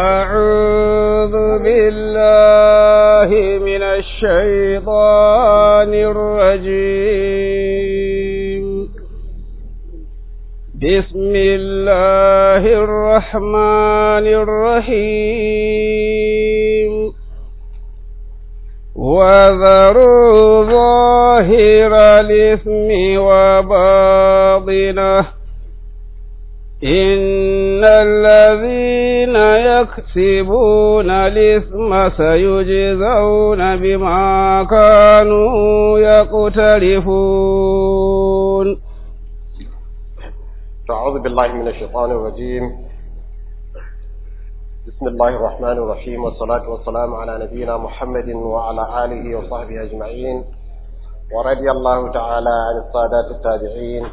أعوذ بالله من الشيطان الرجيم بسم الله الرحمن الرحيم وذروا ظاهر الإثم وباطنه إن الذين يكسبون الإثم سيجزون بما كانوا يقترفون أعوذ بالله من الشيطان الرجيم بسم الله الرحمن الرحيم والصلاة والسلام على نبينا محمد وعلى آله وصحبه أجمعين ورضي الله تعالى عن الصادات التابعين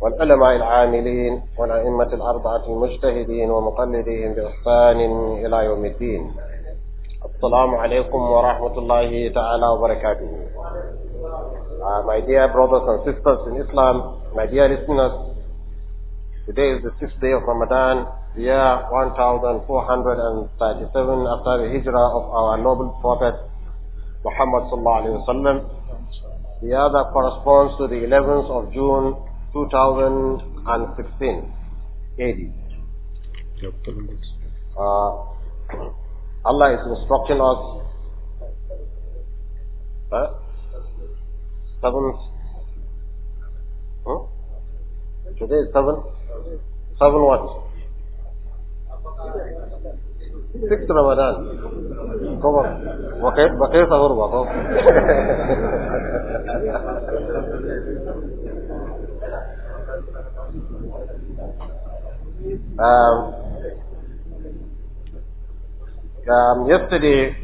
والعلماء العاملين والأئمة الأربعة المجتهدين ومقلدين بإحسان إلى يوم الدين السلام عليكم ورحمة الله تعالى وبركاته uh, My dear brothers and sisters in Islam, my dear listeners, today is the sixth day of Ramadan, The year 1437 after the hijrah of our noble prophet Muhammad sallallahu alayhi wa sallam. The other corresponds to the 11th of June 2016 AD. Uh, Allah is instructing us uh, seventh huh? today is seven seven what Six Ramadan come on bakir bakir sahur bakir Um, um, yesterday,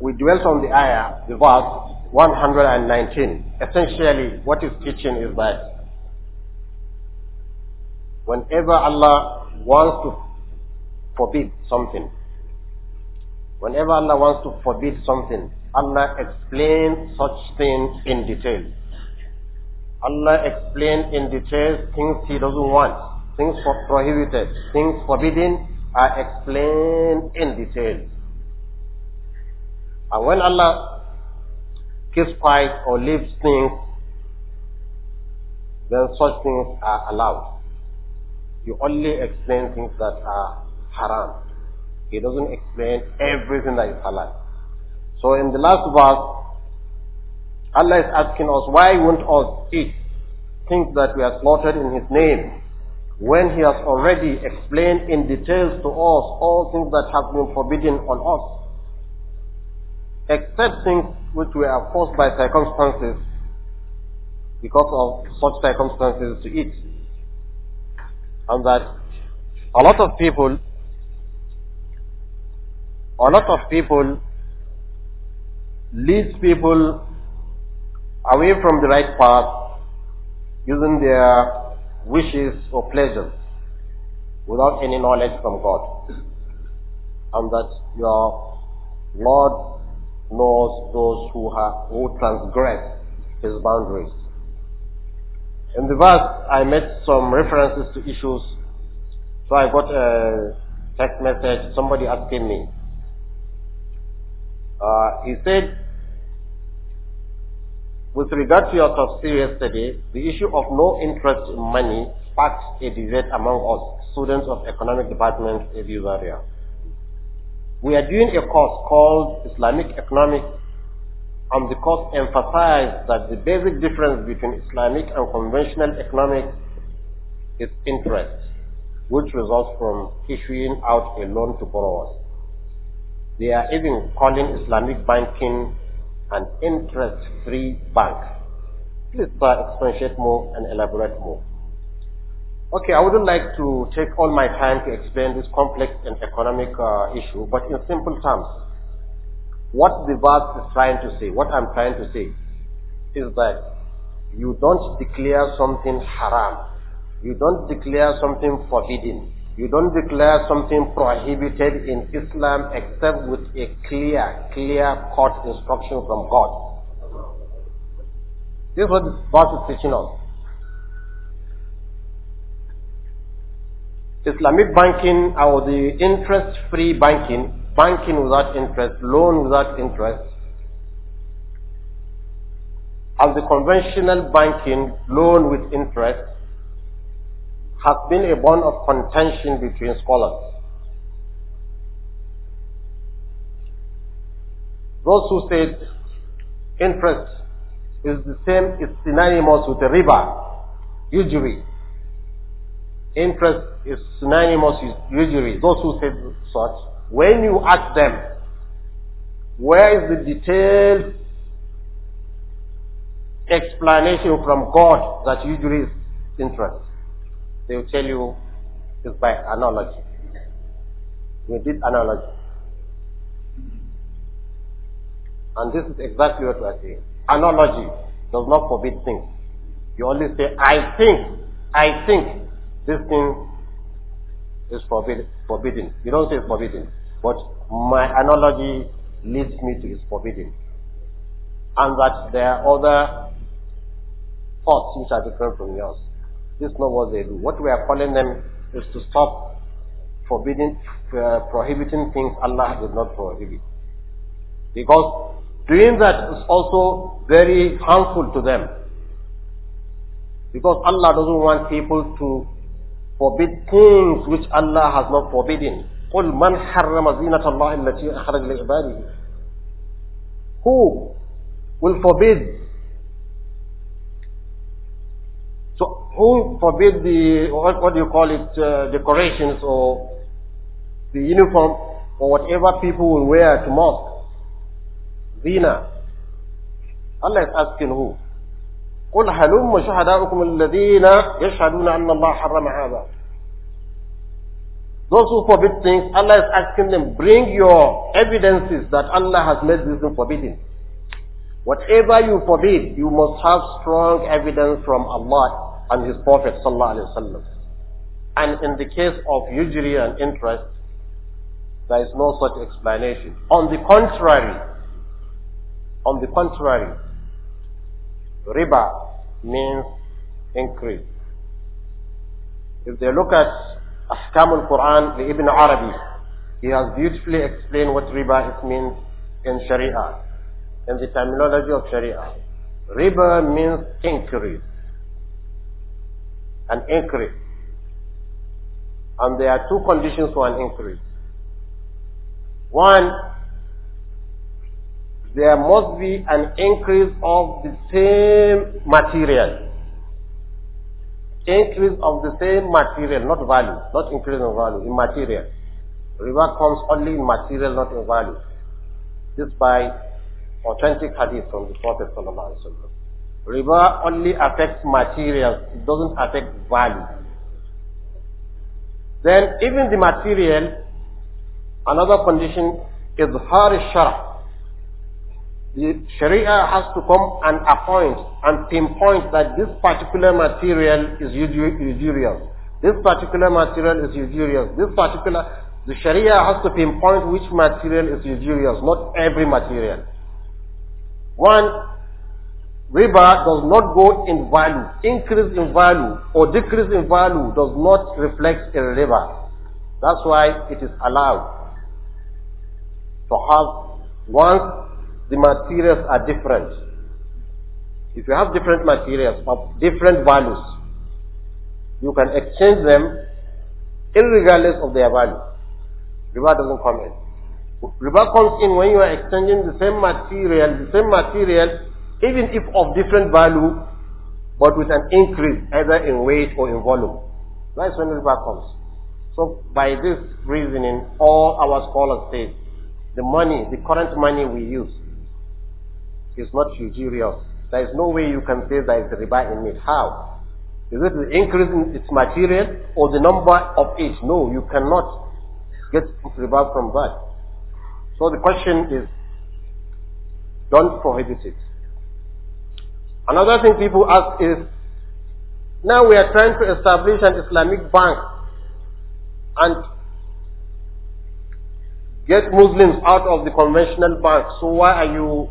we dwelt on the ayah, the verse 119. Essentially, what is teaching is that whenever Allah wants to forbid something, whenever Allah wants to forbid something, Allah explains such things in detail. Allah explained in detail things he doesn't want, things prohibited, things forbidden are explained in detail. And when Allah keeps quiet or leaves things, then such things are allowed. You only explain things that are haram. He doesn't explain everything that is halal. So in the last verse, Allah is asking us, why won't us eat things that we are slaughtered in His name? When He has already explained in details to us all things that have been forbidden on us, except things which we are forced by circumstances, because of such circumstances to eat. And that a lot of people, a lot of people leads people away from the right path using their wishes or pleasures without any knowledge from God. And that your Lord knows those who, have, who transgress his boundaries. In the verse, I made some references to issues. So I got a text message, somebody asking me. Uh, he said, with regard to your tafsir yesterday, the issue of no interest in money sparked a debate among us, students of economic department at Bavaria. We are doing a course called Islamic Economics and the course emphasized that the basic difference between Islamic and conventional economics is interest, which results from issuing out a loan to borrowers. They are even calling Islamic banking an interest-free bank. Please sir, expatiate more and elaborate more. Okay, I wouldn't like to take all my time to explain this complex and economic uh, issue, but in simple terms, what the verse is trying to say, what I'm trying to say, is that you don't declare something haram. You don't declare something forbidden you don't declare something prohibited in Islam except with a clear, clear court instruction from God. This is what this verse is teaching us. Islamic banking or the interest-free banking, banking without interest, loan without interest, and the conventional banking, loan with interest, has been a bone of contention between scholars. Those who said interest is the same, is synonymous with the riba, usury. Interest is synonymous with usury. Those who said such, when you ask them, where is the detailed explanation from God that usury is interest? They will tell you it's by analogy. We did analogy. And this is exactly what we are saying. Analogy does not forbid things. You only say, I think, I think this thing is forbid, forbidden. You don't say it's forbidden. But my analogy leads me to it's forbidden. And that there are other thoughts which are different from yours. This is not what they do. What we are calling them is to stop forbidding, uh, prohibiting things Allah did not prohibit. Because doing that is also very harmful to them. Because Allah doesn't want people to forbid things which Allah has not forbidden. قُلْ مَنْ حَرَّمَ زِينَةَ اللَّهِ الَّتِي أَخْرَجَ لِعِبَادِهِ Who will forbid who forbid the, what, what do you call it, uh, decorations or the uniform or whatever people will wear to mosque. Zina. Allah is asking who? قل هلم شهداؤكم الذين يشهدون أن الله حرم هذا Those who forbid things, Allah is asking them, bring your evidences that Allah has made this thing forbidden. Whatever you forbid, you must have strong evidence from Allah and his Prophet ﷺ. And in the case of usury and interest, there is no such explanation. On the contrary, on the contrary, riba means increase. If they look at Ahkam al-Quran, the Ibn Arabi, he has beautifully explained what riba means in Sharia, in the terminology of Sharia. Riba means increase an increase. And there are two conditions for an increase. One, there must be an increase of the same material. Increase of the same material, not value, not increase in value, in material. Reward comes only in material, not in value. This by authentic hadith from the Prophet Sallallahu Alaihi Wasallam. Riba only affects materials, it doesn't affect value. Then even the material, another condition is har The Sharia has to come and appoint and pinpoint that this particular material is usurious. This particular material is usurious. This particular, the Sharia has to pinpoint which material is usurious, not every material. One, Riba does not go in value, increase in value or decrease in value does not reflect in riba. That's why it is allowed to have once the materials are different. If you have different materials of different values, you can exchange them irregardless of their value. Riba doesn't come in. Riba comes in when you are exchanging the same material, the same material even if of different value, but with an increase either in weight or in volume. That's when riba comes. So by this reasoning, all our scholars say the money, the current money we use, is not usurious. There is no way you can say there is riba in it. How? Is it the increase in its material or the number of each? No, you cannot get riba from that. So the question is, don't prohibit it. Another thing people ask is, now we are trying to establish an Islamic bank and get Muslims out of the conventional banks. So why are you,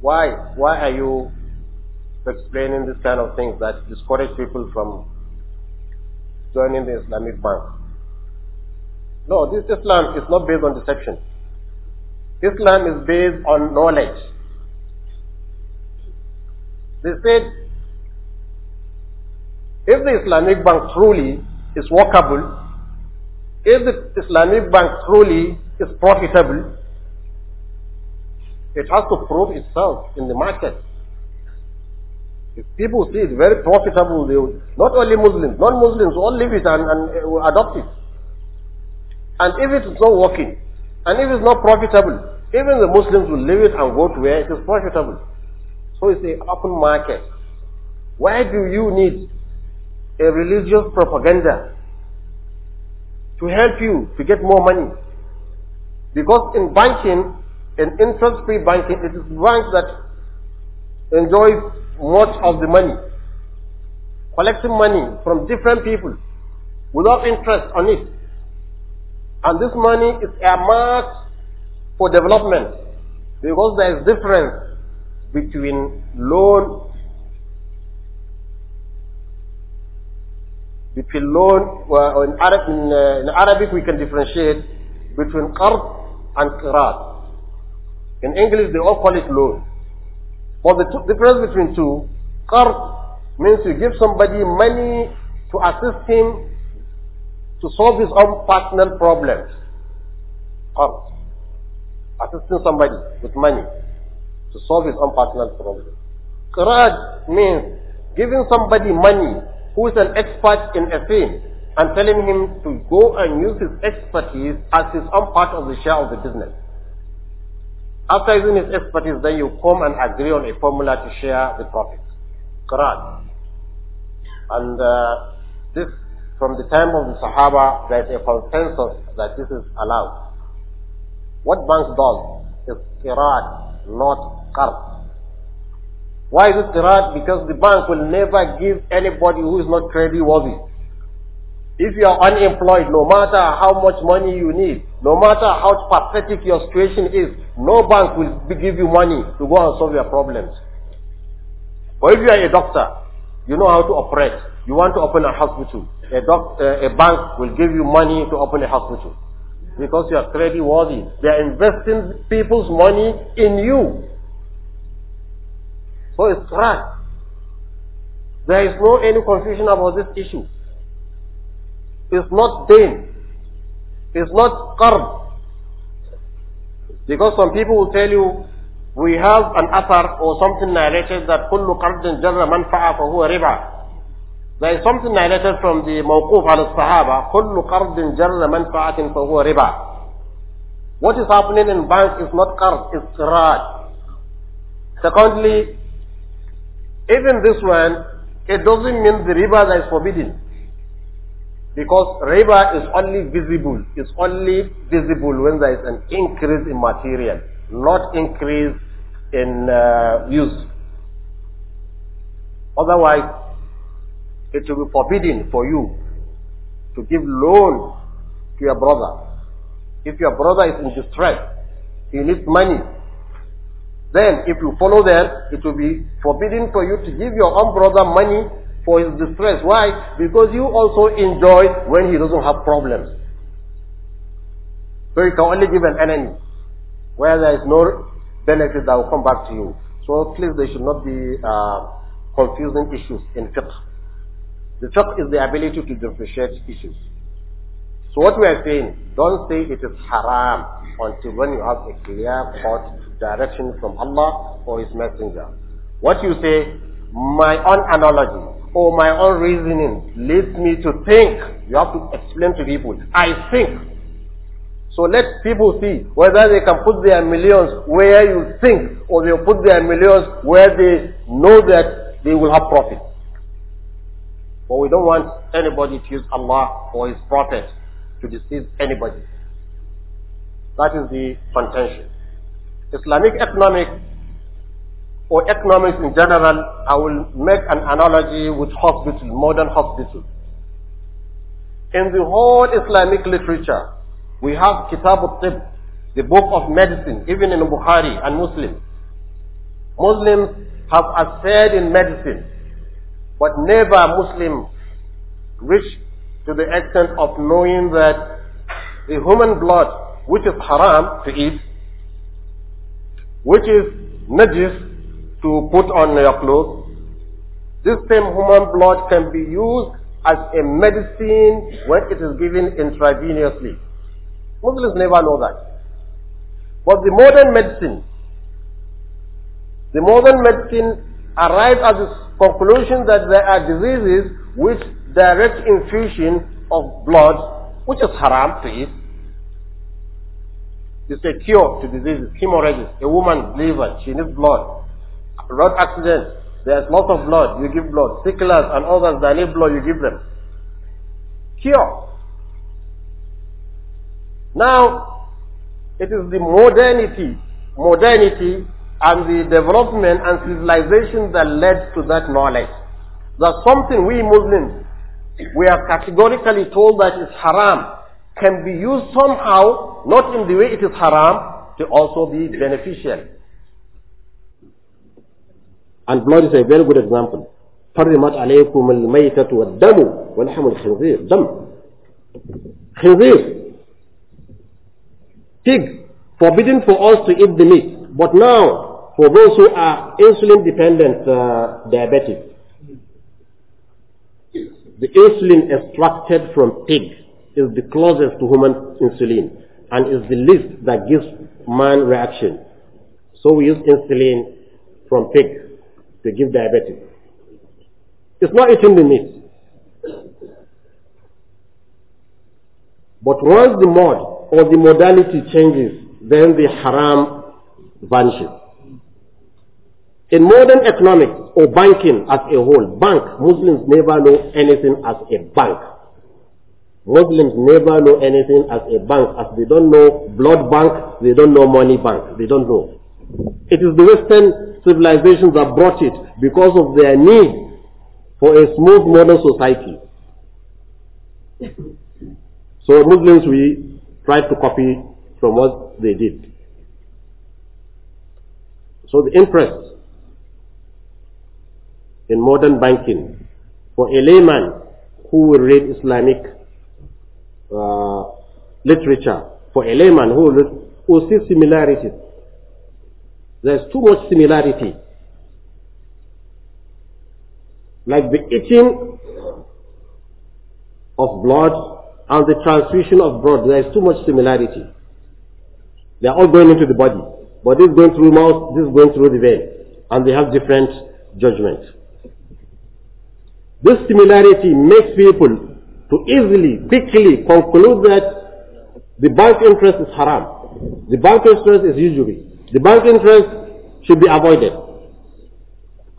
why, why are you explaining this kind of things that discourage people from joining the Islamic bank? No, this Islam is not based on deception. Islam is based on knowledge. They said, if the Islamic Bank truly is workable, if the Islamic Bank truly is profitable, it has to prove itself in the market. If people see it's very profitable, they will, not only Muslims, non-Muslims all leave it and, and uh, adopt it. And if it is not working, and if it is not profitable, even the Muslims will leave it and go to where it is profitable. So it's the open market. Why do you need a religious propaganda to help you to get more money? Because in banking, in interest-free banking, it is banks that enjoys much of the money, collecting money from different people without interest on it. And this money is earmarked for development because there is difference between loan between loan or uh, in, Arab, in, uh, in Arabic we can differentiate between qard and qirat. In English they all call it loan. But the two, difference between two, qard means you give somebody money to assist him to solve his own personal problems. Qard. Assisting somebody with money to solve his own personal problem. Qiraj means giving somebody money who is an expert in a thing and telling him to go and use his expertise as his own part of the share of the business. After using his expertise, then you come and agree on a formula to share the profits. Qiraj. And uh, this, from the time of the Sahaba, there is a consensus that this is allowed. What banks does is qiraj, not qarz. Why is it qirat? Because the bank will never give anybody who is not credit worthy. If you are unemployed, no matter how much money you need, no matter how pathetic your situation is, no bank will give you money to go and solve your problems. But if you are a doctor, you know how to operate. You want to open a hospital. A, doc, uh, a bank will give you money to open a hospital because you are credit worthy. They are investing people's money in you. So it's right. There is no any confusion about this issue. It's not din. It's not qarb. Because some people will tell you, we have an athar or something narrated that كل قرض جر منفعة for whoever. There is something narrated from the Mawquf al-Sahaba, كُلُّ قَرْضٍ جَرَّ مَنْفَعَةٍ فَهُوَ riba. What is happening in banks is not qard, it's qiraj. Secondly, even this one, it doesn't mean the riba that is forbidden. Because riba is only visible, it's only visible when there is an increase in material, not increase in uh, use. Otherwise, it will be forbidden for you to give loan to your brother. If your brother is in distress, he needs money, then if you follow that, it will be forbidden for you to give your own brother money for his distress. Why? Because you also enjoy when he doesn't have problems. So you can only give an enemy where there is no benefit that will come back to you. So please, there should not be uh, confusing issues in fiqh. The fiqh is the ability to differentiate issues. So what we are saying, don't say it is haram until when you have a clear cut direction from Allah or His Messenger. What you say, my own analogy or my own reasoning leads me to think. You have to explain to people, I think. So let people see whether they can put their millions where you think or they'll put their millions where they know that they will have profit. But we don't want anybody to use Allah or His Prophet to deceive anybody. That is the contention. Islamic economics or economics in general, I will make an analogy with hospital, modern hospital. In the whole Islamic literature, we have Kitab al-Tib, the book of medicine, even in Bukhari and Muslims. Muslims have a share in medicine. But never Muslim reach to the extent of knowing that the human blood, which is haram to eat, which is najis to put on your clothes, this same human blood can be used as a medicine when it is given intravenously. Muslims never know that. But the modern medicine, the modern medicine arrived as a conclusion that there are diseases which direct infusion of blood, which is haram to eat, is a cure to diseases, hemorrhages. A woman's liver, she needs blood. Road accident, there's lots of blood, you give blood. Sicklers and others that need blood, you give them. Cure. Now, it is the modernity, modernity and the development and civilization that led to that knowledge. That something we Muslims, we are categorically told that is haram, can be used somehow, not in the way it is haram, to also be beneficial. And blood is a very good example. حرمت عليكم الميتة والدم ولحم الخنزير دم خنزير pig forbidden for us to eat the meat but now for those who are insulin dependent uh, diabetic, the insulin extracted from pig is the closest to human insulin and is the least that gives man reaction. So we use insulin from pig to give diabetic. It's not eating the meat. But once the mod or the modality changes, then the haram vanishes. In modern economics or banking as a whole, bank, Muslims never know anything as a bank. Muslims never know anything as a bank, as they don't know blood bank, they don't know money bank, they don't know. It is the Western civilizations that brought it because of their need for a smooth modern society. So Muslims, we tried to copy from what they did. So the interest in modern banking for a layman who will read Islamic uh, literature, for a layman who will, will see similarities. There's too much similarity. Like the eating of blood and the transmission of blood, there is too much similarity. They are all going into the body. But this is going through mouth, this is going through the vein. And they have different judgments. This similarity makes people to easily, quickly conclude that the bank interest is haram. The bank interest is usury. The bank interest should be avoided.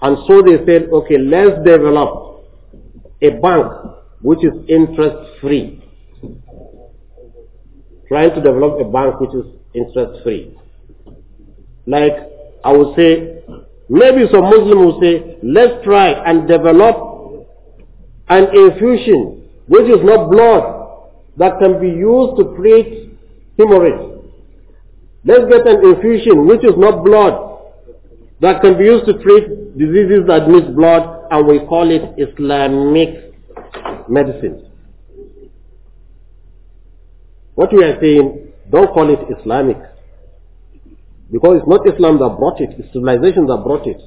And so they said, okay, let's develop a bank which is interest free. Trying to develop a bank which is interest free. Like I would say, maybe some Muslim will say, let's try and develop an infusion which is not blood that can be used to treat hemorrhage. Let's get an infusion which is not blood that can be used to treat diseases that need blood and we call it Islamic medicine. What we are saying, don't call it Islamic. Because it's not Islam that brought it, it's civilization that brought it.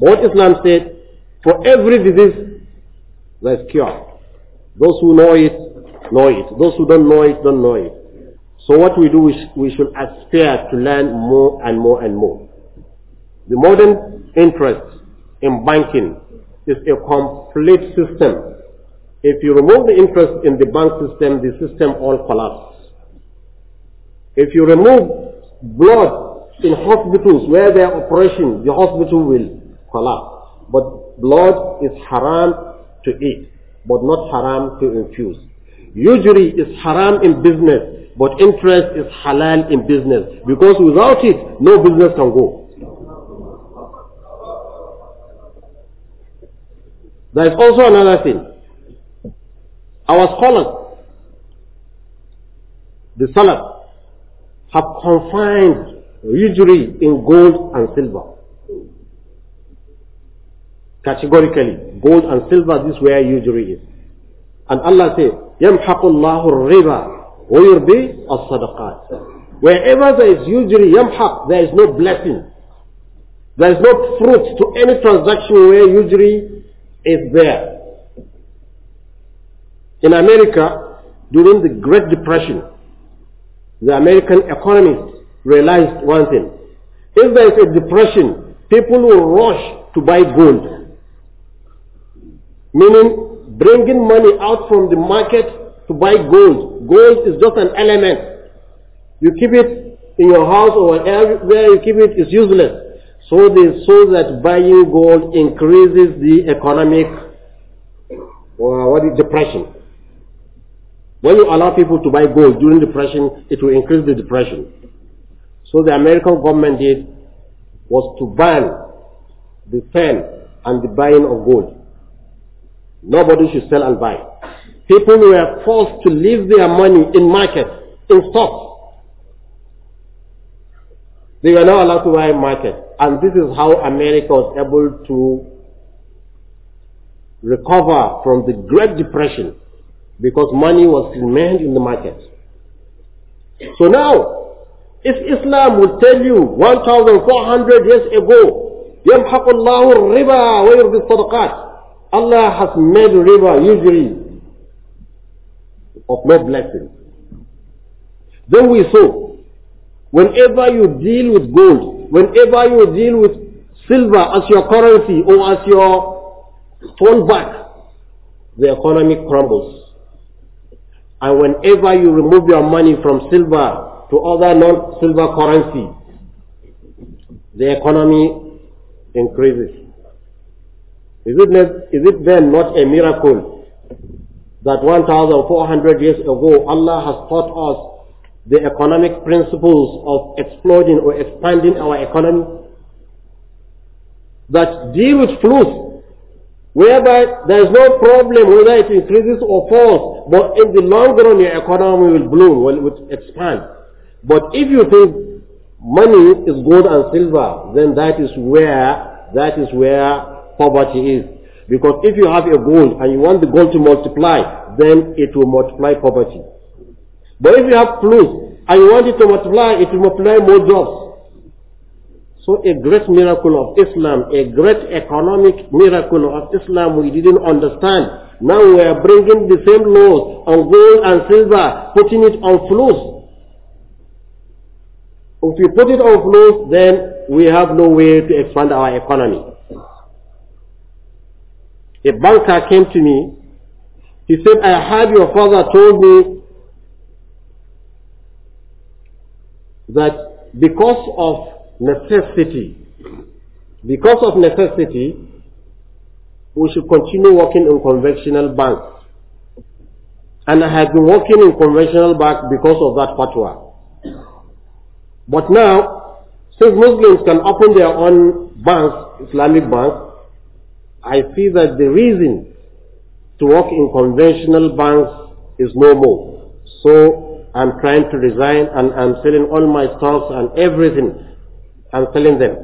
But what Islam said, for every disease that's cure. Those who know it, know it. Those who don't know it, don't know it. So what we do, is we should aspire to learn more and more and more. The modern interest in banking is a complete system. If you remove the interest in the bank system, the system all collapses. If you remove blood in hospitals where there are operations, the hospital will collapse. But blood is haram to eat, but not haram to infuse. Usury is haram in business, but interest is halal in business, because without it, no business can go. There is also another thing. Our scholars, the Salaf, have confined usury in gold and silver categorically. Gold and silver, this where usury is. And Allah says, يَمْحَقُ اللَّهُ yurbi وَيُرْبِي الصَّدَقَاتِ Wherever there is usury, yamhaq, there is no blessing. There is no fruit to any transaction where usury is there. In America, during the Great Depression, the American economists realized one thing. If there is a depression, people will rush to buy gold. Meaning, bringing money out from the market to buy gold. Gold is just an element. You keep it in your house or wherever you keep it is useless. So, the, so that buying gold increases the economic or uh, what is depression. When you allow people to buy gold during depression, it will increase the depression. So the American government did was to ban the sale and the buying of gold. Nobody should sell and buy. People were forced to leave their money in market, in stocks. They were not allowed to buy in market. And this is how America was able to recover from the Great Depression because money was remained in the market. So now, if Islam would tell you 1,400 years ago, يمحق الله الربا ويربي الصدقات Allah has made river usually of no blessing. Then we saw, whenever you deal with gold, whenever you deal with silver as your currency or as your phone back, the economy crumbles. And whenever you remove your money from silver to other non-silver currency, the economy increases. Is it, is it then not a miracle that 1,400 years ago Allah has taught us the economic principles of exploding or expanding our economy? That deal with flows, whereby there is no problem whether it increases or falls, but in the long run your economy will bloom, will expand. But if you think money is gold and silver, then that is where, that is where poverty is. Because if you have a goal and you want the goal to multiply, then it will multiply poverty. But if you have clothes and you want it to multiply, it will multiply more jobs. So a great miracle of Islam, a great economic miracle of Islam we didn't understand. Now we are bringing the same laws on gold and silver, putting it on flows. If we put it on flows, then we have no way to expand our economy a banker came to me. He said, I heard your father told me that because of necessity, because of necessity, we should continue working in conventional banks. And I had been working in conventional bank because of that fatwa. But now, since Muslims can open their own banks, Islamic banks, I see that the reason to work in conventional banks is no more. So I'm trying to resign and I'm selling all my stocks and everything. I'm selling them.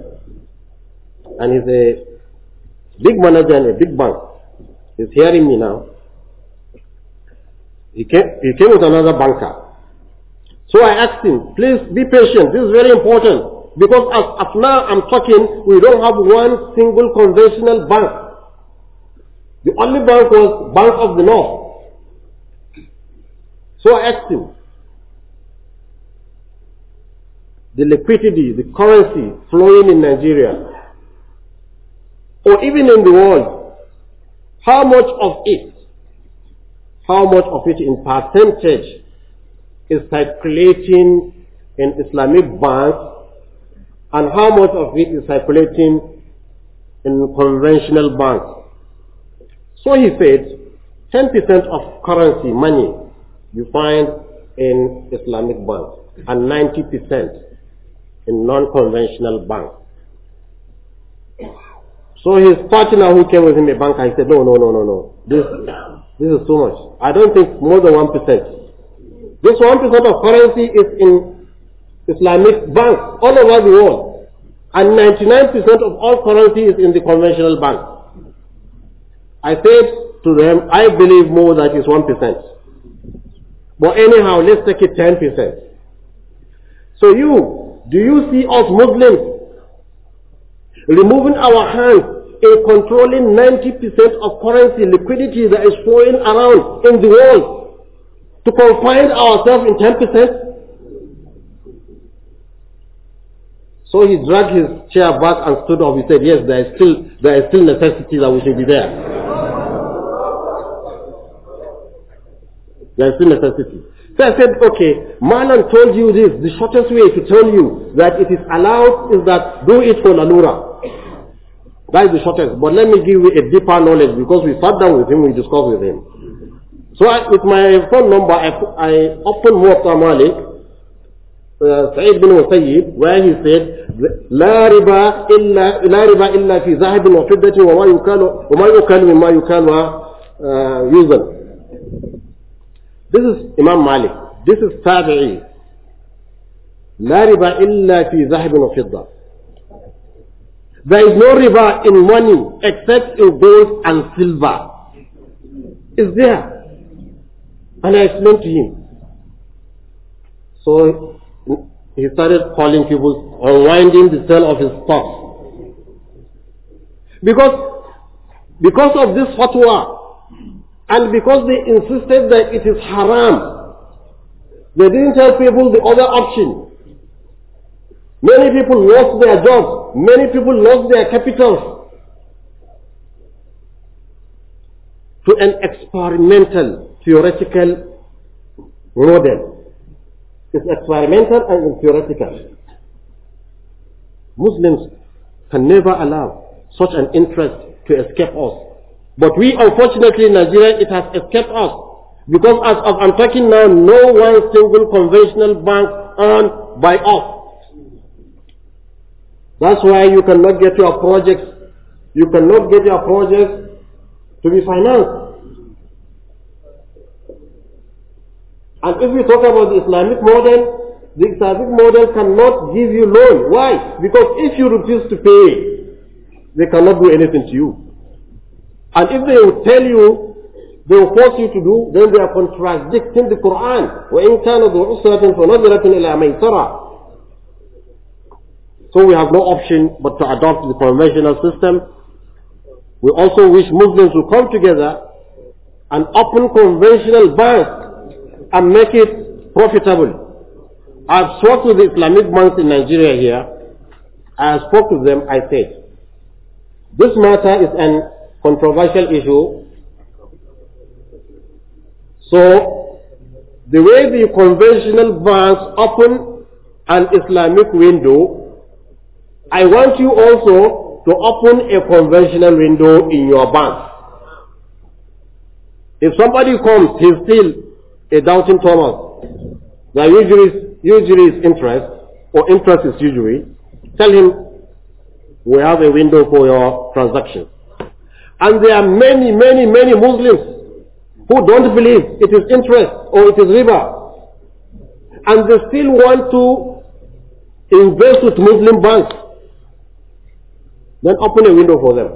And he's a big manager in a big bank. He's hearing me now. He came, he came with another banker. So I asked him, please be patient. This is very important. Because as of now I'm talking, we don't have one single conventional bank the only bank was Bank of the North. So I asked him, the liquidity, the currency flowing in Nigeria, or even in the world, how much of it, how much of it in percentage is circulating in Islamic banks and how much of it is circulating in conventional banks? So he said, 10% of currency money you find in Islamic banks and 90% in non-conventional banks. So his partner who came with him, a banker, he said, no, no, no, no, no. This, this is too much. I don't think more than 1%. This 1% of currency is in Islamic banks all over the world. And 99% of all currency is in the conventional banks. I said to them, I believe more that is 1%. But anyhow, let's take it 10%. So you, do you see us Muslims removing our hands in controlling 90% of currency liquidity that is flowing around in the world to confine ourselves in 10%? So he dragged his chair back and stood up. He said, yes, there is still, there is still necessity that we should be there. There is still necessity. So I said, okay, Malan told you this. The shortest way to tell you that it is allowed is that do it for Lalura. That is the shortest. But let me give you a deeper knowledge because we sat down with him, we discussed with him. So I, with my phone number, I, I opened Muwatta Malik, uh, Sa'id bin Musayyib, where he said, لا ربا إلا لا ربا إلا في ذهب وفضة وما يكال وما يكال مما يكال يوزن. This is Imam Malik. This is Tabi'i. لا ربا إلا في ذهب وفضة. There is no riba in money except in gold and silver. Is there. And I explained to him. So he started calling people, unwinding the sale of his stock. Because, because of this fatwa, and because they insisted that it is haram, they didn't tell people the other option. Many people lost their jobs. Many people lost their capitals to an experimental theoretical model. It's experimental and theoretical. Muslims can never allow such an interest to escape us. But we, unfortunately, in Nigeria, it has escaped us. Because as of I'm talking now, no one single conventional bank owned by us. That's why you cannot get your projects, you cannot get your projects to be financed. And if we talk about the Islamic model, the Islamic model cannot give you loan. Why? Because if you refuse to pay, they cannot do anything to you. And if they will tell you, they will force you to do, then they are contradicting the Quran. وَإِن كَانَ فَنَظِرَةٍ إِلَى مَيْسَرَةٍ So we have no option but to adopt the conventional system. We also wish Muslims to come together and open conventional banks and make it profitable. I've spoke to the Islamic banks in Nigeria here. I spoke to them, I said, this matter is an controversial issue. So, the way the conventional banks open an Islamic window, I want you also to open a conventional window in your bank. If somebody comes, he's still a doubting Thomas. The usually usury is interest, or interest is usually. Tell him, we have a window for your transaction. And there are many, many, many Muslims who don't believe it is interest or it is riba. And they still want to invest with Muslim banks. Then open a window for them.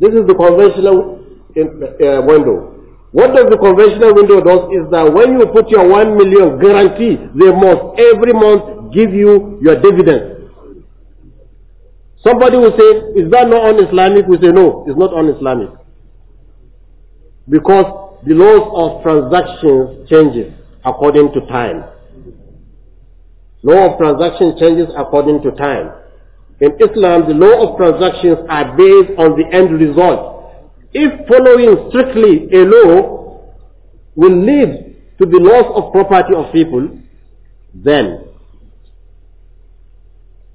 This is the conventional uh, window. What does the conventional window do? is that when you put your one million guarantee, they must every month give you your dividend. Somebody will say, is that not un-Islamic? We say, no, it's not un-Islamic. Because the laws of transactions changes according to time. Law of transactions changes according to time. In Islam, the law of transactions are based on the end result. If following strictly a law will lead to the loss of property of people, then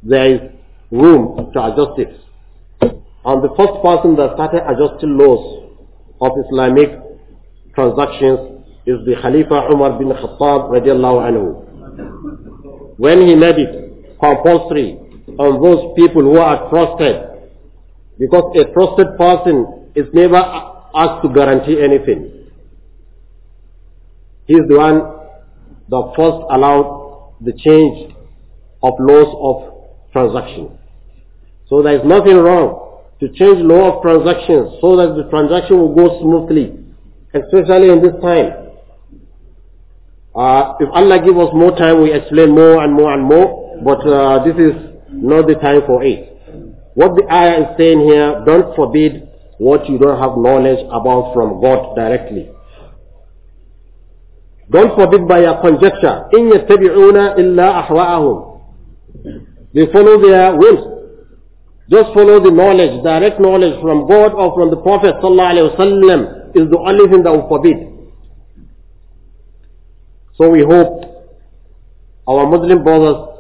there is room to adjust it. And the first person that started adjusting laws of Islamic transactions is the Khalifa Umar bin Khattab radiallahu anhu. When he made it compulsory on those people who are trusted, because a trusted person is never asked to guarantee anything. He is the one that first allowed the change of laws of transaction. So there is nothing wrong to change law of transactions so that the transaction will go smoothly, especially in this time. Uh, if Allah give us more time, we explain more and more and more, but uh, this is not the time for it. What the ayah is saying here, don't forbid what you don't have knowledge about from God directly. Don't forbid by your conjecture. إِن يَتَّبِعُونَ إِلَّا أَحْوَاءَهُمْ they follow their whims. Just follow the knowledge, direct knowledge from God or from the Prophet wasallam is the only thing that will forbid. So we hope our Muslim brothers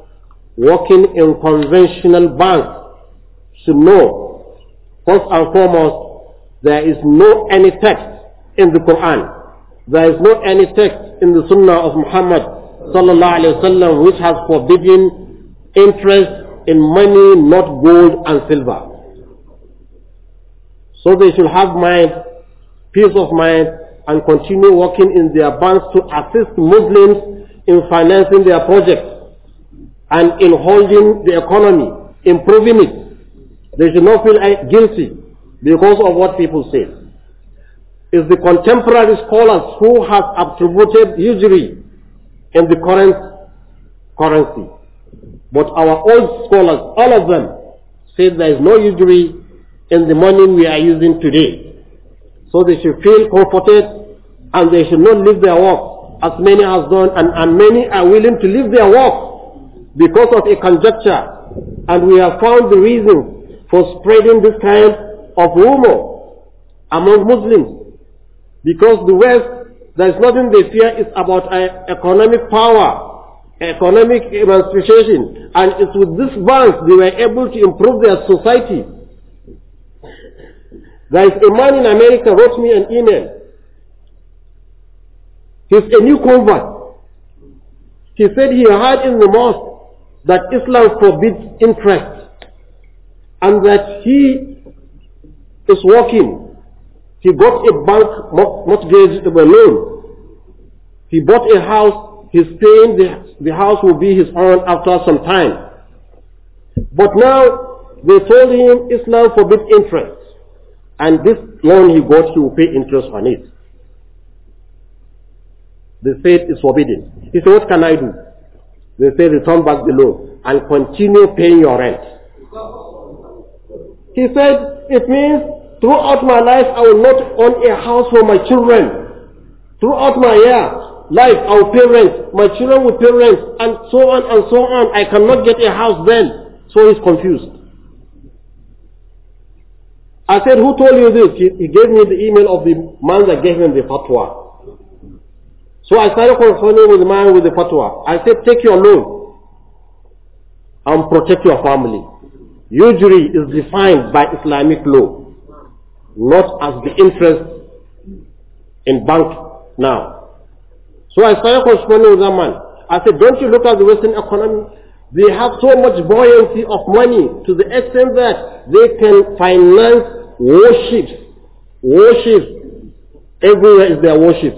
working in conventional banks should know, first and foremost, there is no any text in the Quran. There is no any text in the Sunnah of Muhammad sallallahu alaihi wasallam which has forbidden interest in money, not gold and silver. So they should have mind, peace of mind, and continue working in their banks to assist Muslims in financing their projects and in holding the economy, improving it. They should not feel uh, guilty because of what people say. It's the contemporary scholars who have attributed usury in the current currency. But our old scholars, all of them, said there is no usury in the money we are using today. So they should feel comforted and they should not leave their work as many has done and, and many are willing to leave their work because of a conjecture. And we have found the reason for spreading this kind of rumor among Muslims. Because the West, there is nothing they fear is about economic power economic emancipation, and it's with this bank they were able to improve their society. There is a man in America wrote me an email. He's a new convert. He said he heard in the mosque that Islam forbids interest and that he is working. He got a bank mortgage uh, loan. He bought a house he claimed the, the house will be his own after some time. But now they told him Islam forbids interest. And this loan he got, he will pay interest on it. They said it's forbidden. He said, what can I do? They said, return back the loan and continue paying your rent. He said, it means throughout my life I will not own a house for my children. Throughout my years, life, our parents, my children with parents, and so on and so on. I cannot get a house then. So he's confused. I said, who told you this? He, he gave me the email of the man that gave him the fatwa. So I started consulting with the man with the fatwa. I said, take your loan and protect your family. Usury is defined by Islamic law, not as the interest in bank now. So I started corresponding with that man. I said, don't you look at the Western economy? They have so much buoyancy of money to the extent that they can finance warships. Warships. Everywhere is their warships.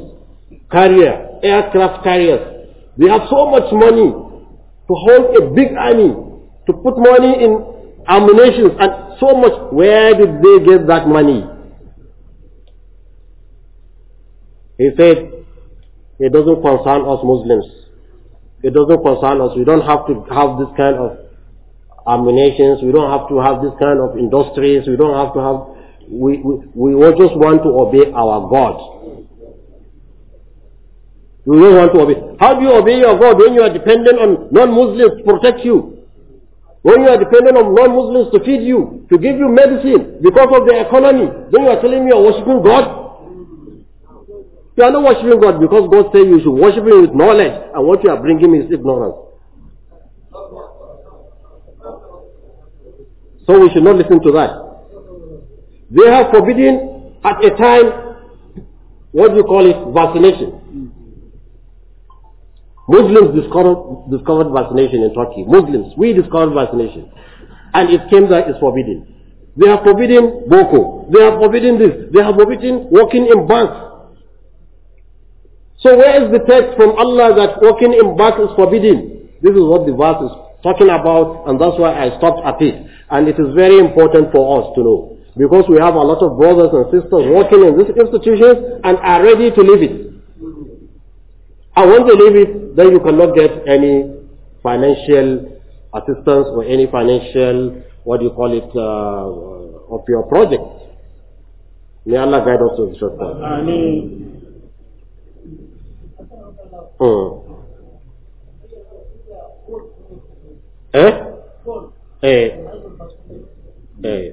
Carrier. Aircraft carriers. They have so much money to hold a big army, to put money in ammunition and so much. Where did they get that money? He said, it doesn't concern us Muslims. It doesn't concern us. We don't have to have this kind of ammunitions. We don't have to have this kind of industries. We don't have to have. We, we, we just want to obey our God. We don't want to obey. How do you obey your God when you are dependent on non-Muslims to protect you? When you are dependent on non-Muslims to feed you, to give you medicine because of the economy, then you are telling me you are worshipping God? You are not worshipping God because God says you should worship Him with knowledge, and what you are bringing is ignorance. So we should not listen to that. They have forbidden at a time, what do you call it, vaccination. Muslims discovered, discovered vaccination in Turkey. Muslims, we discovered vaccination. And it came that it's forbidden. They have forbidden Boko. They have forbidden this. They have forbidden working in banks. So where is the text from Allah that walking in back is forbidden? This is what the verse is talking about and that's why I stopped at it. And it is very important for us to know. Because we have a lot of brothers and sisters working in these institutions and are ready to leave it. And when they leave it, then you cannot get any financial assistance or any financial, what do you call it, uh, of your project. May Allah guide us to the shortcut. Hmm. eh eh eh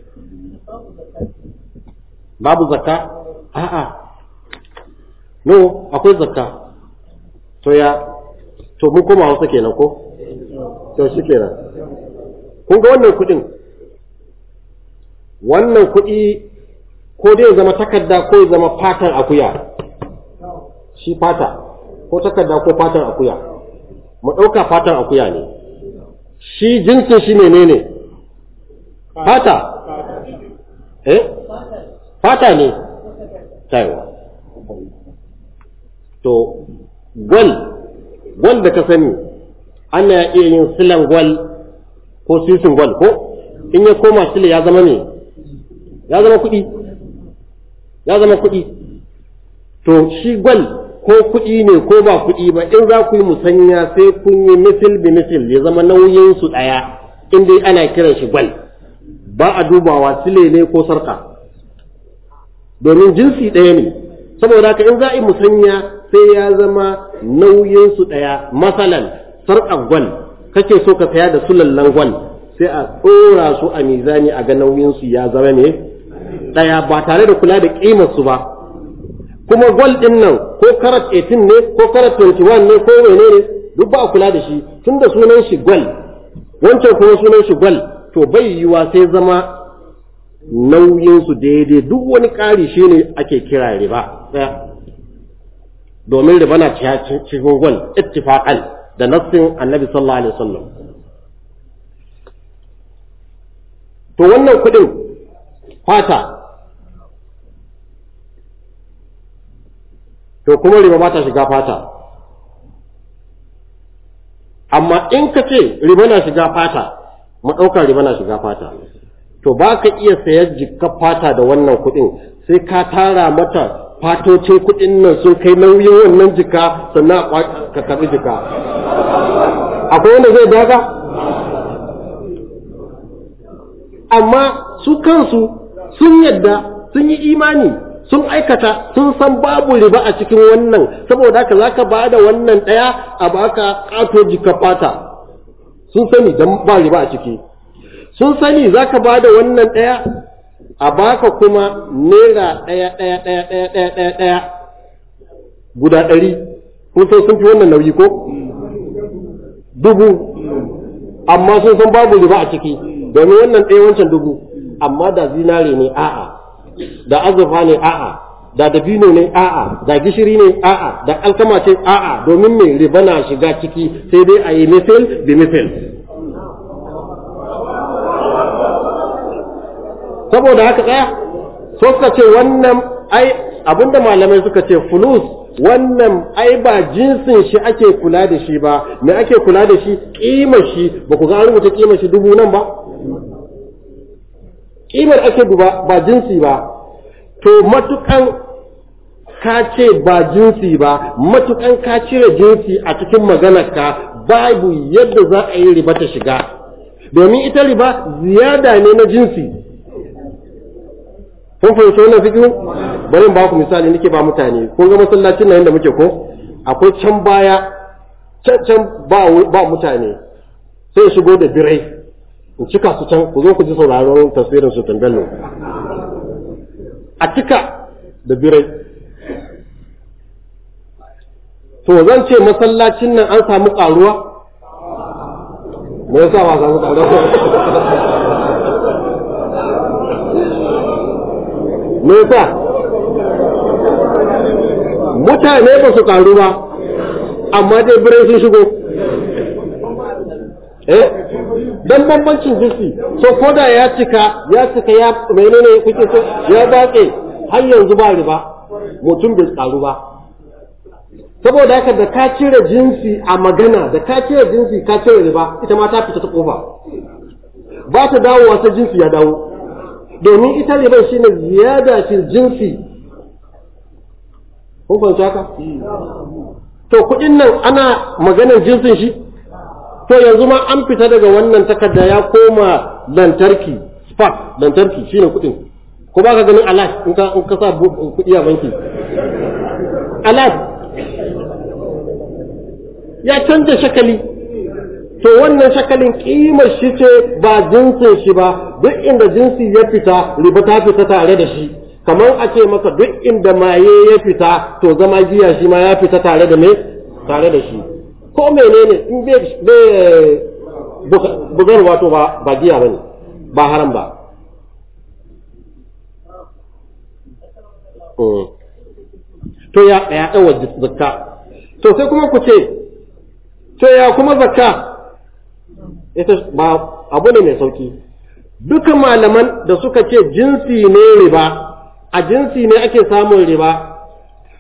babu zakka a'a no akwai zakka to ya to mun koma hausa kenan ko to shi kenan kun ga wannan kuɗin wannan kuɗi ko dai zama takarda ko zama fatan akuya shi fata ko takarda ko fatar akuya mu ɗauka fatar akuya ne shi jinsin shi ne fata eh fata ne taiwa to gwal gwal da ka sani ana iya yin silan gwal ko sisin gwal ko in ya koma sila ya zama ne ya zama kuɗi ya zama kuɗi to shi gwal ko kuɗi ne ko ba kuɗi ba in za ku yi musanya sai kun yi misil bi misil ya zama nauyin su ɗaya in dai ana kiran shi gwal ba a dubawa sile ne ko sarka domin jinsi ɗaya ne saboda haka in za a yi musanya sai ya zama nauyin su ɗaya masalan sarƙar gwal kake so ka saya da sulallan gwal sai a tsora su a mizani a ga nauyin su ya zama ne ɗaya ba tare da kula da ƙimar su ba kuma gwal din nan ko karat 18 ne ko karat 21 ne ko wane ne duk ba a kula da shi Tun da sunan shi gol wancan kuma sunan shi gwal, to bai yiwa sai zama nauyin su daidai duk wani ƙari shine ake kira riba domin riba na cikin gol ittifaqan da nassin annabi sallallahu alaihi wasallam to wannan kudin fata to kuma riba ba ta shiga fata amma in ka ce riba na shiga fata mu ɗauka riba na shiga fata to ba ka iya sayar jikka fata da wannan kuɗin sai ka tara mata fatocin kuɗin nan sun kai nauyin wannan jika sannan ka karɓi jika akwai wanda zai daga amma su kansu sun yadda sun yi imani sun aikata sun san babu riba a cikin wannan saboda haka zaka ba da wannan ɗaya a baka ƙato jika fata sun sani don ba riba a ciki sun sani zaka ba da wannan ɗaya a baka kuma naira ɗaya ɗaya ɗaya ɗaya ɗaya daya daya guda ɗari kun san sun fi wannan nauyi ko dubu amma sun san babu riba a ciki domin wannan ɗaya wancan dubu amma da zinare ne a'a da azurfa ne a'a da dabino ne a'a da gishiri ne a'a da alkama ce a'a domin me riba na shiga ciki sai dai a yi misal bi misal saboda haka tsaya so suka ce wannan ai abinda malamai suka ce fulus wannan ai ba jinsin shi ake kula da shi ba me ake kula da shi kimar shi ba ku ga an rubuta kimar shi dubu nan ba kimar ake duba ba jinsi ba to matukan ka ce ba jinsi ba matukan ka cire jinsi a cikin maganarka babu yadda za a yi riba ta shiga domin ita riba ziyada ne na jinsi kun fahimci wannan fikihu bari ba ku misali nake ba mutane kun ga masallacin nan da muke ko akwai can baya can can ba mutane sai shigo da birai in cika su can ku zo ku ji sauraron tasirin su tambello a cika da birai to zan ce masallacin nan an samu karuwa me yasa ba samu karuwa me sa mutane ba su karu ba amma dai birai sun shigo eh dan bambancin jinsi so ko da ya cika ya cika ya menene kuke so ya batse har yanzu ba riba mutum bai tsaru ba saboda haka da ka cire jinsi a magana da ka cire jinsi ka cire riba ita ma ta fita ta kofa ba ta dawo wata jinsi ya dawo domin ita riban shine ziyada shi jinsi kun fahimta ka to kuɗin nan ana maganar jinsin shi to yanzu ma an fita daga wannan takarda ya koma lantarki spark lantarki shine kuɗin ko ba ka ganin alat in ka in ka sa kuɗi a banki alat ya canza shakali to wannan shakalin kimar shi ce ba jinsin shi ba duk inda jinsi ya fita riba ta fita tare da shi kamar a ce masa duk inda maye ya fita to zama giya shi ma ya fita tare da me tare da shi ko menene in bai bugar wato ba ba giya bane ba haram ba hmm. to ya ya dawa zakka to sai kuma ku ce to ya kuma zakka ita ba abu ne mai sauki duka malaman da suka ce jinsi ne riba a jinsi ne ake samun riba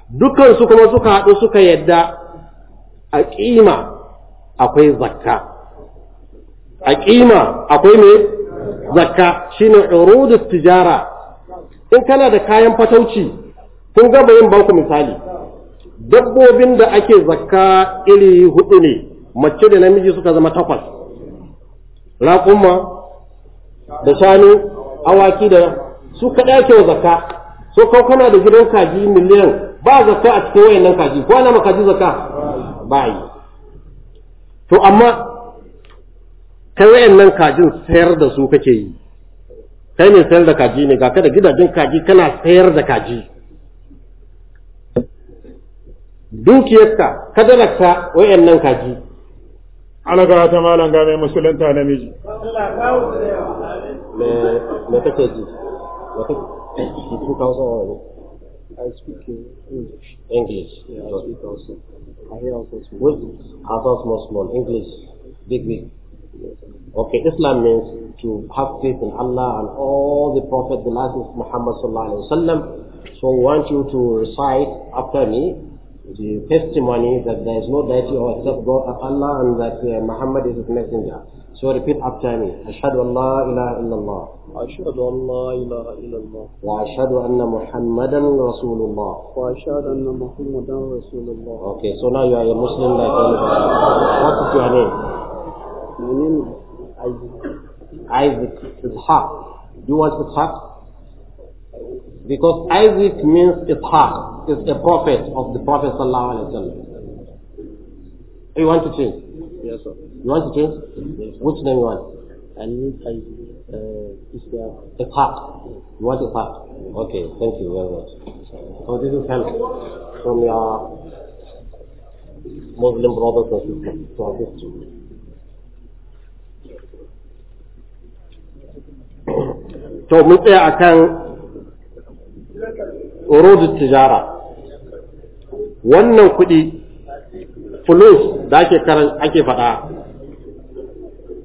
dukansu kuma suka haɗu suka yadda a ƙima akwai zakka a ƙima akwai me zakka shine urudu tijara in kana da kayan fatauci kun ga bayin banku misali dabbobin da ake zakka iri hudu ne mace da namiji suka zama takwas raƙuma da shanu awaki da su kaɗa ake zakka so kau kana da gidan kaji miliyan ba zakka a cikin wayannan kaji ko ana kaji zakka ba yi to amma kai wayannan kajin sayar da su kake yi kai ne sayar da kaji ne ga kada gidajen kaji kana sayar da kaji dukiyarka kadararka wayannan kaji ana ga ta malam ga mai musulunta namiji me kake ji I speak English. English. Yeah, I speak also. I hear also speak. Good. Also small, small. English. Big, big. Okay, Islam means to have faith in Allah and all the Prophet, the last of Muhammad sallallahu alaihi wasallam. So I want you to recite after me the testimony that there is no deity or except God Allah and that uh, Muhammad is his messenger. So repeat after me. Ashhadu salamu alaykum. ilaha illallah. وأشهد أن لا إله إلا الله وأشهد أن محمدا رسول الله وأشهد أن محمدا رسول الله Okay, so now you are a Muslim What is your name? My name is Isaac. Isaac Ishaq. Do you want Ishaq? Because Isaac means Ishaq is a prophet of the Prophet Sallallahu Alaihi Wasallam. You want to change? Yes, sir. You want to change? Yes, sir. Which name you want? I need Isaac. uh, is there a part? You want a part? Okay, thank you very much. So this is help from your Muslim brothers and sisters to from this To mun tsaya akan urudut tijara wannan kuɗi fulus da ake ake faɗa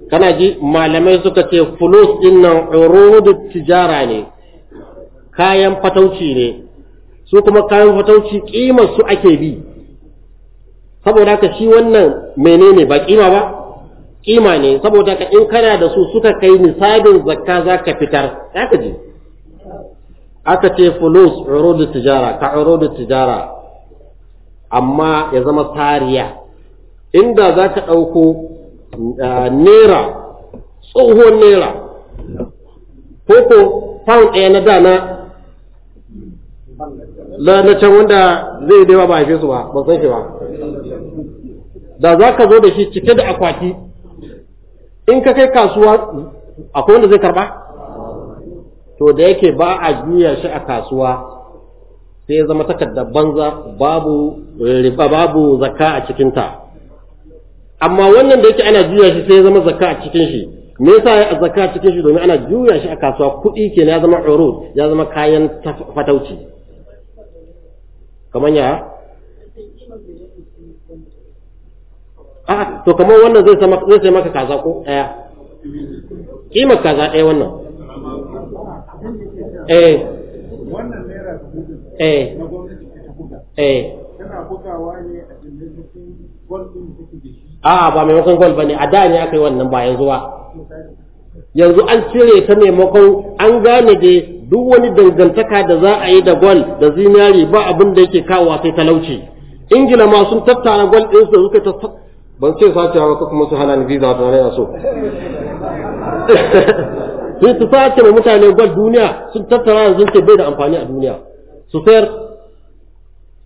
kana ji malamai suka ce fulus din nan urudu tijara ne kayan fatauci ne su kuma kayan fatauci kimar su ake bi saboda haka shi wannan menene ba kima ba kima ne saboda ka in kana da su suka kai nisabin zakka zaka fitar zaka ji aka ce fulus urudut tijara ka urudut tijara amma ya zama tariya inda za ka ɗauko Ah, naira tsohon naira ko ko pound ɗaya na da na can wanda zai dewa ba haife su ba ba san shi ba da za ka zo da shi cike da akwati in ka kai kasuwa akwai wanda zai karba to da yake ba a juya shi a kasuwa sai ya zama takardar banza babu eh, riba babu zakka a cikinta amma wannan da yake ana juya shi sai ya zama zakka a cikin shi me yasa ya zakka a cikin shi domin ana juya shi a kasuwa kuɗi kenan ya zama urud ya zama kayan fatauci kamar ya a to kamar wannan zai sama zai sai maka kaza ko ɗaya kima kaza ɗaya wannan eh wannan naira eh eh tana bugawa ne a cikin a'a ba maimakon gol bane a da ne aka yi wannan ba yanzu ba yanzu an cire ta maimakon an gane da duk wani dangantaka da za a yi da gol da zinari ba abin da yake kawo sai talauci ingila ma sun tattara gol din su suka ta ban ce sace ba ko kuma su hana ni visa ta ne so sai su sace ma mutane gol duniya sun tattara yanzu ce bai da amfani a duniya su sayar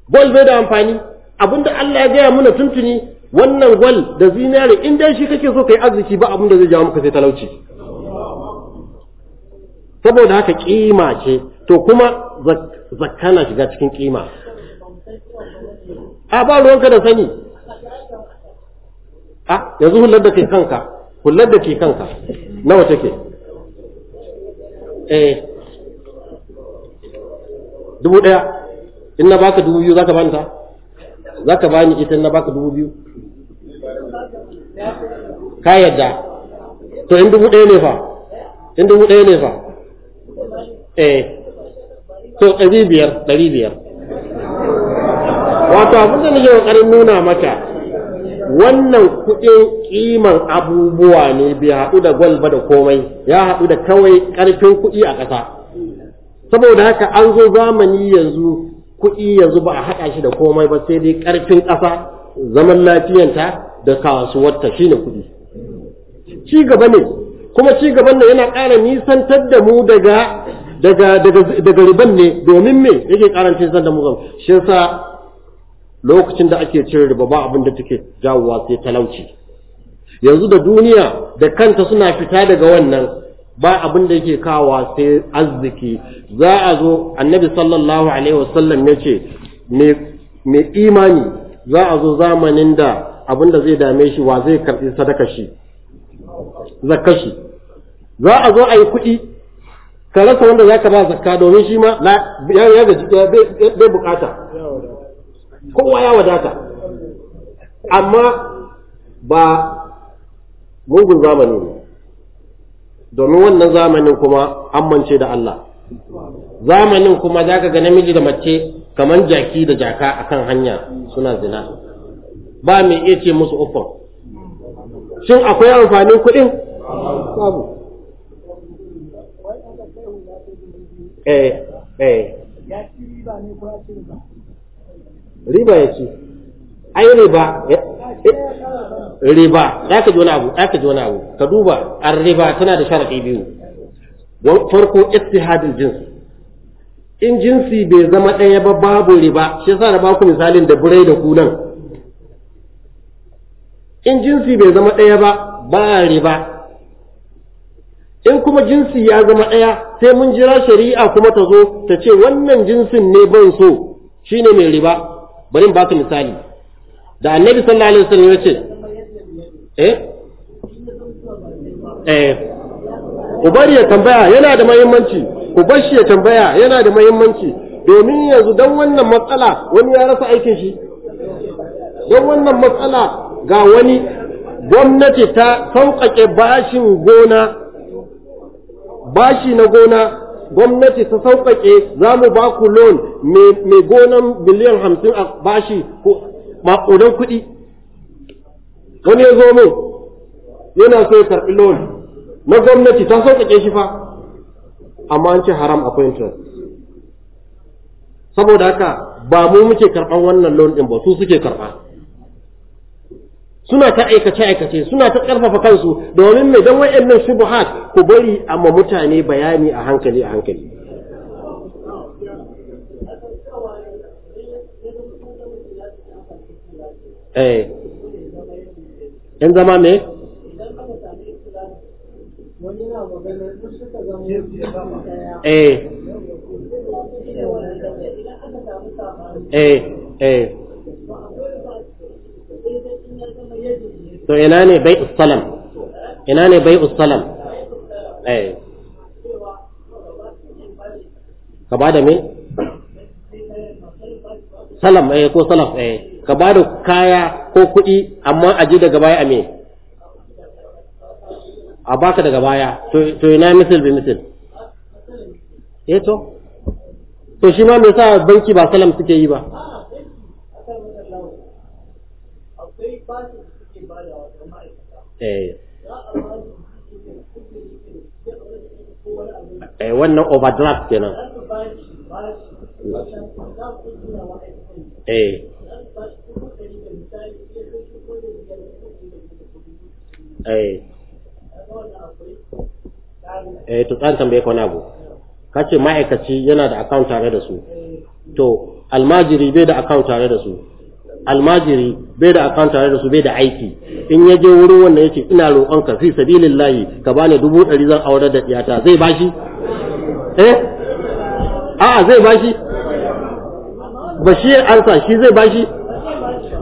gol bai da amfani abinda Allah ya gaya mana tuntuni wannan gwal da zinare in dai shi kake so kai arziki ba abin da zai jawo maka sai talauci saboda haka kima ce to kuma zakka na shiga cikin kima a ba ruwanka da sani a yanzu hular da ke kanka hular da ke kanka nawa take eh dubu ɗaya in na baka dubu biyu zaka banta zaka bani ita in na baka dubu biyu ka yadda to in dubu ɗaya ne fa in dubu ɗaya ne fa eh to ɗari biyar ɗari biyar wato abin da nake ƙoƙarin nuna mata wannan kuɗin ƙiman abubuwa ne bai haɗu da gwal ba da komai ya haɗu da kawai ƙarfin kuɗi a ƙasa saboda haka an zo zamani yanzu kuɗi yanzu ba a haɗa shi da komai ba sai dai ƙarfin ƙasa zaman lafiyanta da kasuwarta ne kuɗi ci gaba ne kuma ci gaban nan yana ƙara nisantar da mu daga daga riban ne domin me yake karancin san da mu shi yasa lokacin da ake cire riba ba abin da take jawowa sai talauci yanzu da duniya da kanta suna fita daga wannan ba abin da yake kawa sai arziki za a zo annabi sallallahu alaihi wasallam ya ce me imani za a zo zamanin da Abin da zai dame shi wa zai karɓi sadaka shi zakka shi za a zo a yi kuɗi ka rasa wanda za ka ba zakka domin shi ma ya gaji bai bukata kowa ya wadata amma ba mugun zamani ne domin wannan zamanin kuma an mance da Allah zamanin kuma za ka ga namiji da mace kamar jaki da jaka akan hanya suna zina ba mai iya ce musu uffan shin akwai amfanin kuɗin babu eh eh riba ya ce ai riba eh, riba za ka ji wani abu za ka ji wani abu ka duba an riba tana da sharaɗi biyu farko haɗin jinsi in jinsi bai zama ɗaya ba babu riba shi yasa na baku misalin da birai da kunan in jinsi bai zama ɗaya ba ba riba in kuma jinsi ya zama ɗaya sai mun jira shari'a kuma ta zo ta ce wannan jinsin ne ban so shi ne mai riba bari ba su misali da annabi sallallahu alaihi wasallam ya ce eh eh ku bari ya tambaya yana da muhimmanci ku bar shi ya tambaya yana da muhimmanci domin yanzu dan wannan matsala wani ya rasa aikin shi don wannan matsala ga wani gwamnati ta sauƙaƙe bashin gona bashi na gona gwamnati ta sauƙaƙe za mu ba ku loan mai gonan miliyan hamsin a bashi ko maƙudan kuɗi wani ya zo min yana so ya karɓi loan na gwamnati ta sauƙaƙe shi fa amma an ce haram akwai interest saboda haka ba mu muke karɓan wannan loan ɗin ba su suke karɓa suna ta aikace aikace suna ta ƙarfafa kansu domin mai don wayannan shubuhat ku bari amma mutane bayani a hankali a hankali ɗan eh. zama me eh eh, eh. to ina ne bai salam ina ne bai salam eh ka bada me salam eh ko salaf eh ka bada kaya ko kuɗi amma a ji daga baya a me a baka daga baya to ina misal bi misal eh to to shi ma me yasa banki ba salam suke yi ba eh eh wannan overdraft kenan eh eh eh to tsan tambaye ko na go kace ma'aikaci yana da account tare da su to almajiri bai da account tare da su almajiri bai da akan tare da su bai da aiki in ya je wurin wanda yake ina roƙonka fi sabilillahi ka bani dubu ɗari zan aurar da ɗiyata zai bashi eh a'a zai bashi ba shi ansa shi zai bashi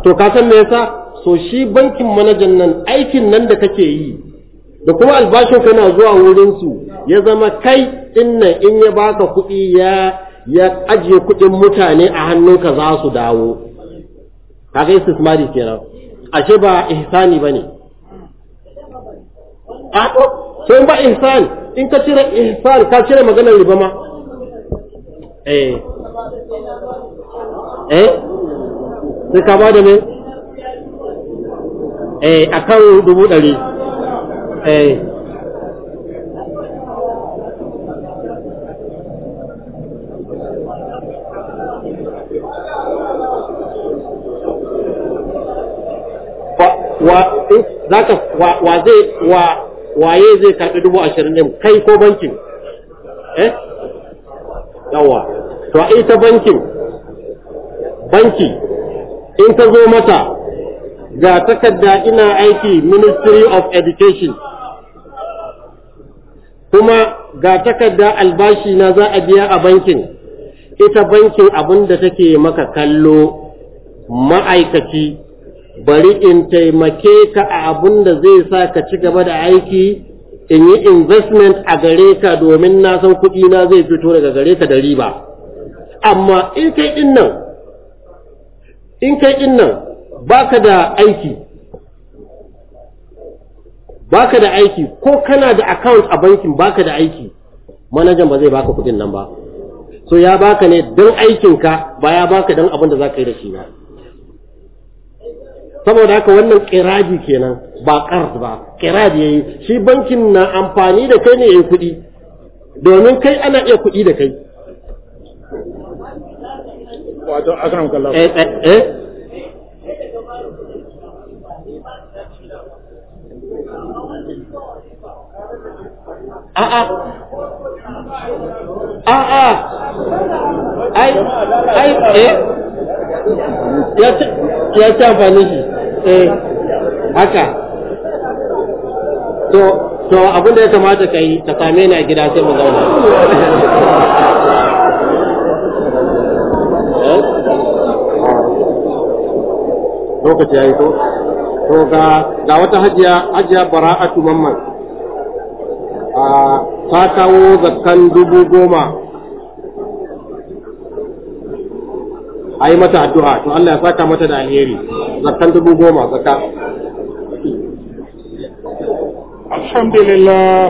to ka san me yasa so shi bankin manajan nan aikin nan da kake yi da kuma albashin ka na zuwa wurin su ya zama kai inna in ya baka kuɗi ya ya ajiye kuɗin mutane a hannunka za su dawo kaga istismari kenan ashe ba ihsani bane a to sai ba ihsan in ka cire ihsan ka cire maganar riba ma eh eh sai ka bada ne eh akan dubu ɗari eh Eh, wa zai wa waye zai karɓi dubu ashirin ɗin kai ko bankin eh yawa to a ita bankin banki in ta zo mata ga takarda ina aiki ministry of education kuma ga takarda albashi na za a biya a bankin ita bankin abin da take maka kallo ma'aikaci bari in taimake ka a abun da zai sa ka ci gaba da aiki in yi investment a gare ka domin na san kuɗi na zai fito daga gare ka da riba amma in kai in nan in kai in nan baka da aiki baka da aiki ko kana da account a bankin baka da aiki manajan ba zai baka kuɗin nan ba so ya baka ne don aikinka ba ya baka don abin da za ka yi da shi ba saboda haka wannan kiradi kenan ba qard ba kiradi yayi shi bankin na amfani da kai ne yayi kuɗi domin kai ana iya kuɗi da kai wato akram kallahu eh eh, eh. a'a a'a ai ai eh ya ta ya ta fani shi eh haka to to abin da ya kamata ka yi ta same ni a gida sai mu zauna eh? lokaci ya yi to to ga ga wata hajiya hajiya bara'atu mamman a ah, ta kawo zakkan dubu goma a yi mata addu'a to Allah ya saka mata da alheri zakkan dubu goma zakka alhamdulillah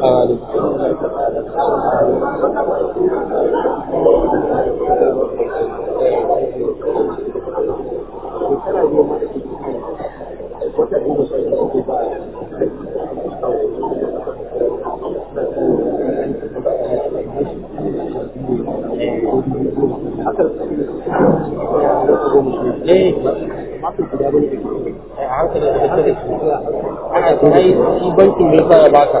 Eh, bankin da ya baka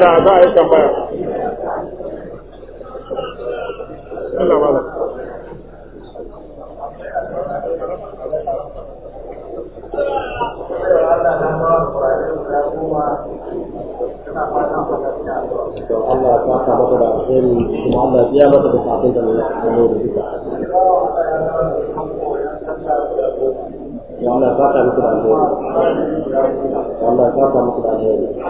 saurara za a yi tambaya Allah ya saka masa da alheri Allah ya da saka masa da da alheri.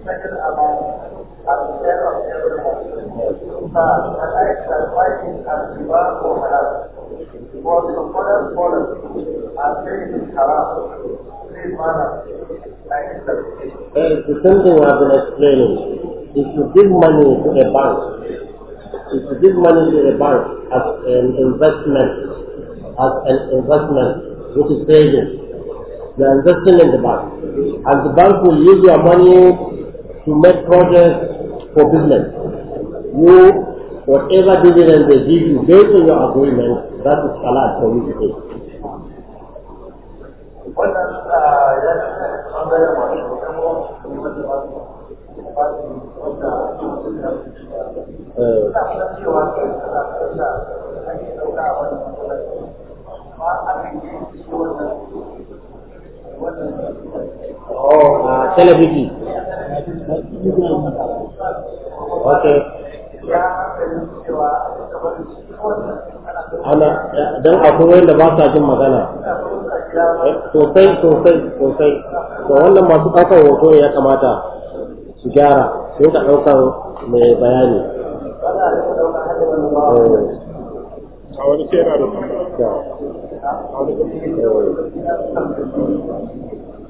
question about The same thing I've been explaining If you give money to a bank, if you give money to a bank as an investment, as an investment which is savings. You are investing in the bank, and the bank will use your money to make projects for business. You, whatever dividend they give you based on your agreement, that is allowed for you to take. Uh, oh, uh, television. ana dan akwai wanda ba sa jin magana sosai sosai sosai to wannan masu ɗaukar hoto ya kamata su gyara su yi ɗaukar mai bayani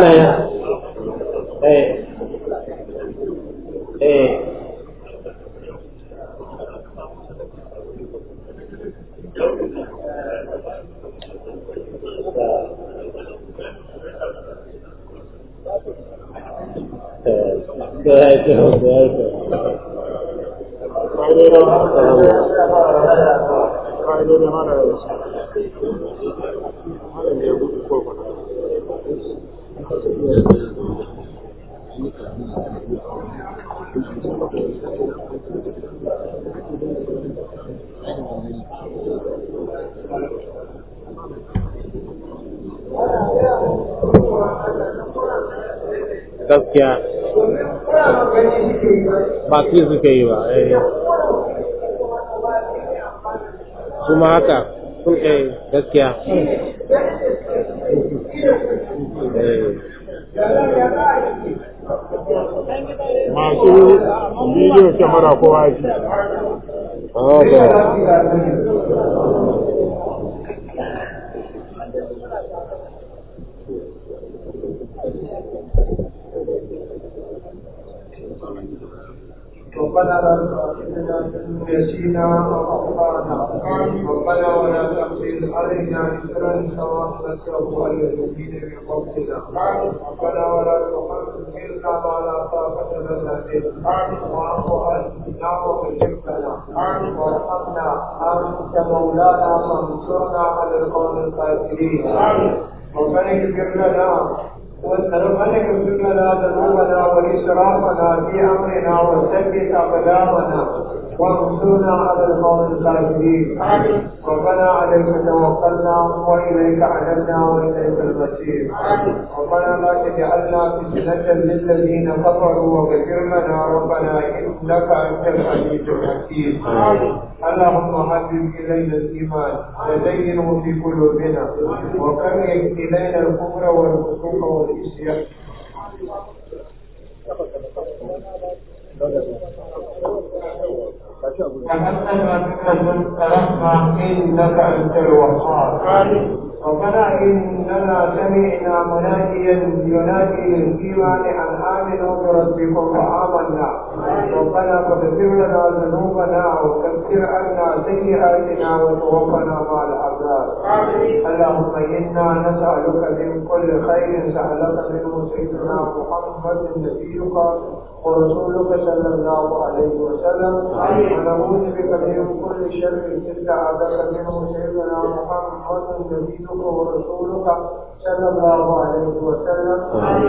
mana ya ربنا لا تؤاخذنا إن نسينا وأخطأنا ربنا ولا تحمل علينا إثرا كما حملته على الذين من قبلنا ربنا ولا تحملنا ما لا طاقة لنا به وعفو عنا واغفر وارحمنا أنت مولانا فانصرنا على القوم الكافرين ربنا اغفر لنا ونرفعك سننا ذنوبنا وإسرافنا في أمرنا وثبت أقدامنا وانصرنا على القوم الكافرين ربنا عليك توكلنا واليك عنبنا واليك المسير ربنا لا تجعلنا فتنة للذين كفروا واغفر ربنا انك انت الحديث الحكيم اللهم حبب الينا الايمان وزينه في قلوبنا وكره الينا الكفر والفسوق والعصيان Gracias. ربنا إننا سمعنا مناديا ينادي للإيمان أن آمنوا بربكم وآمنا ربنا فاغفر لنا ذنوبنا وكفر عنا سيئاتنا وتوفنا مع العذاب اللهم إنا نسألك من كل خير سألك منه سيدنا محمد نبيك ورسولك صلى الله عليه وسلم ونعوذ بك من كل شر الا عذاب منه سيدنا محمد نبيك ورسولك صلى الله عليه وسلم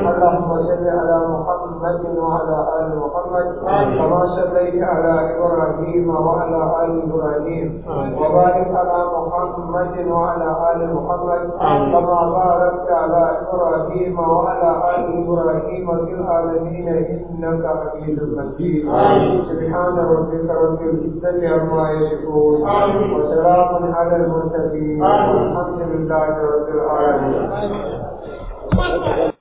اللهم صل على محمد وعلى ال محمد كما صليت على ابراهيم وعلى ال ابراهيم وبارك على محمد وعلى ال محمد كما باركت على ابراهيم وعلى ال ابراهيم في العالمين انك حميد مجيد سبحان ربك رب في العزة عما يشكون وسلام على المرسلين والحمد لله رب العالمين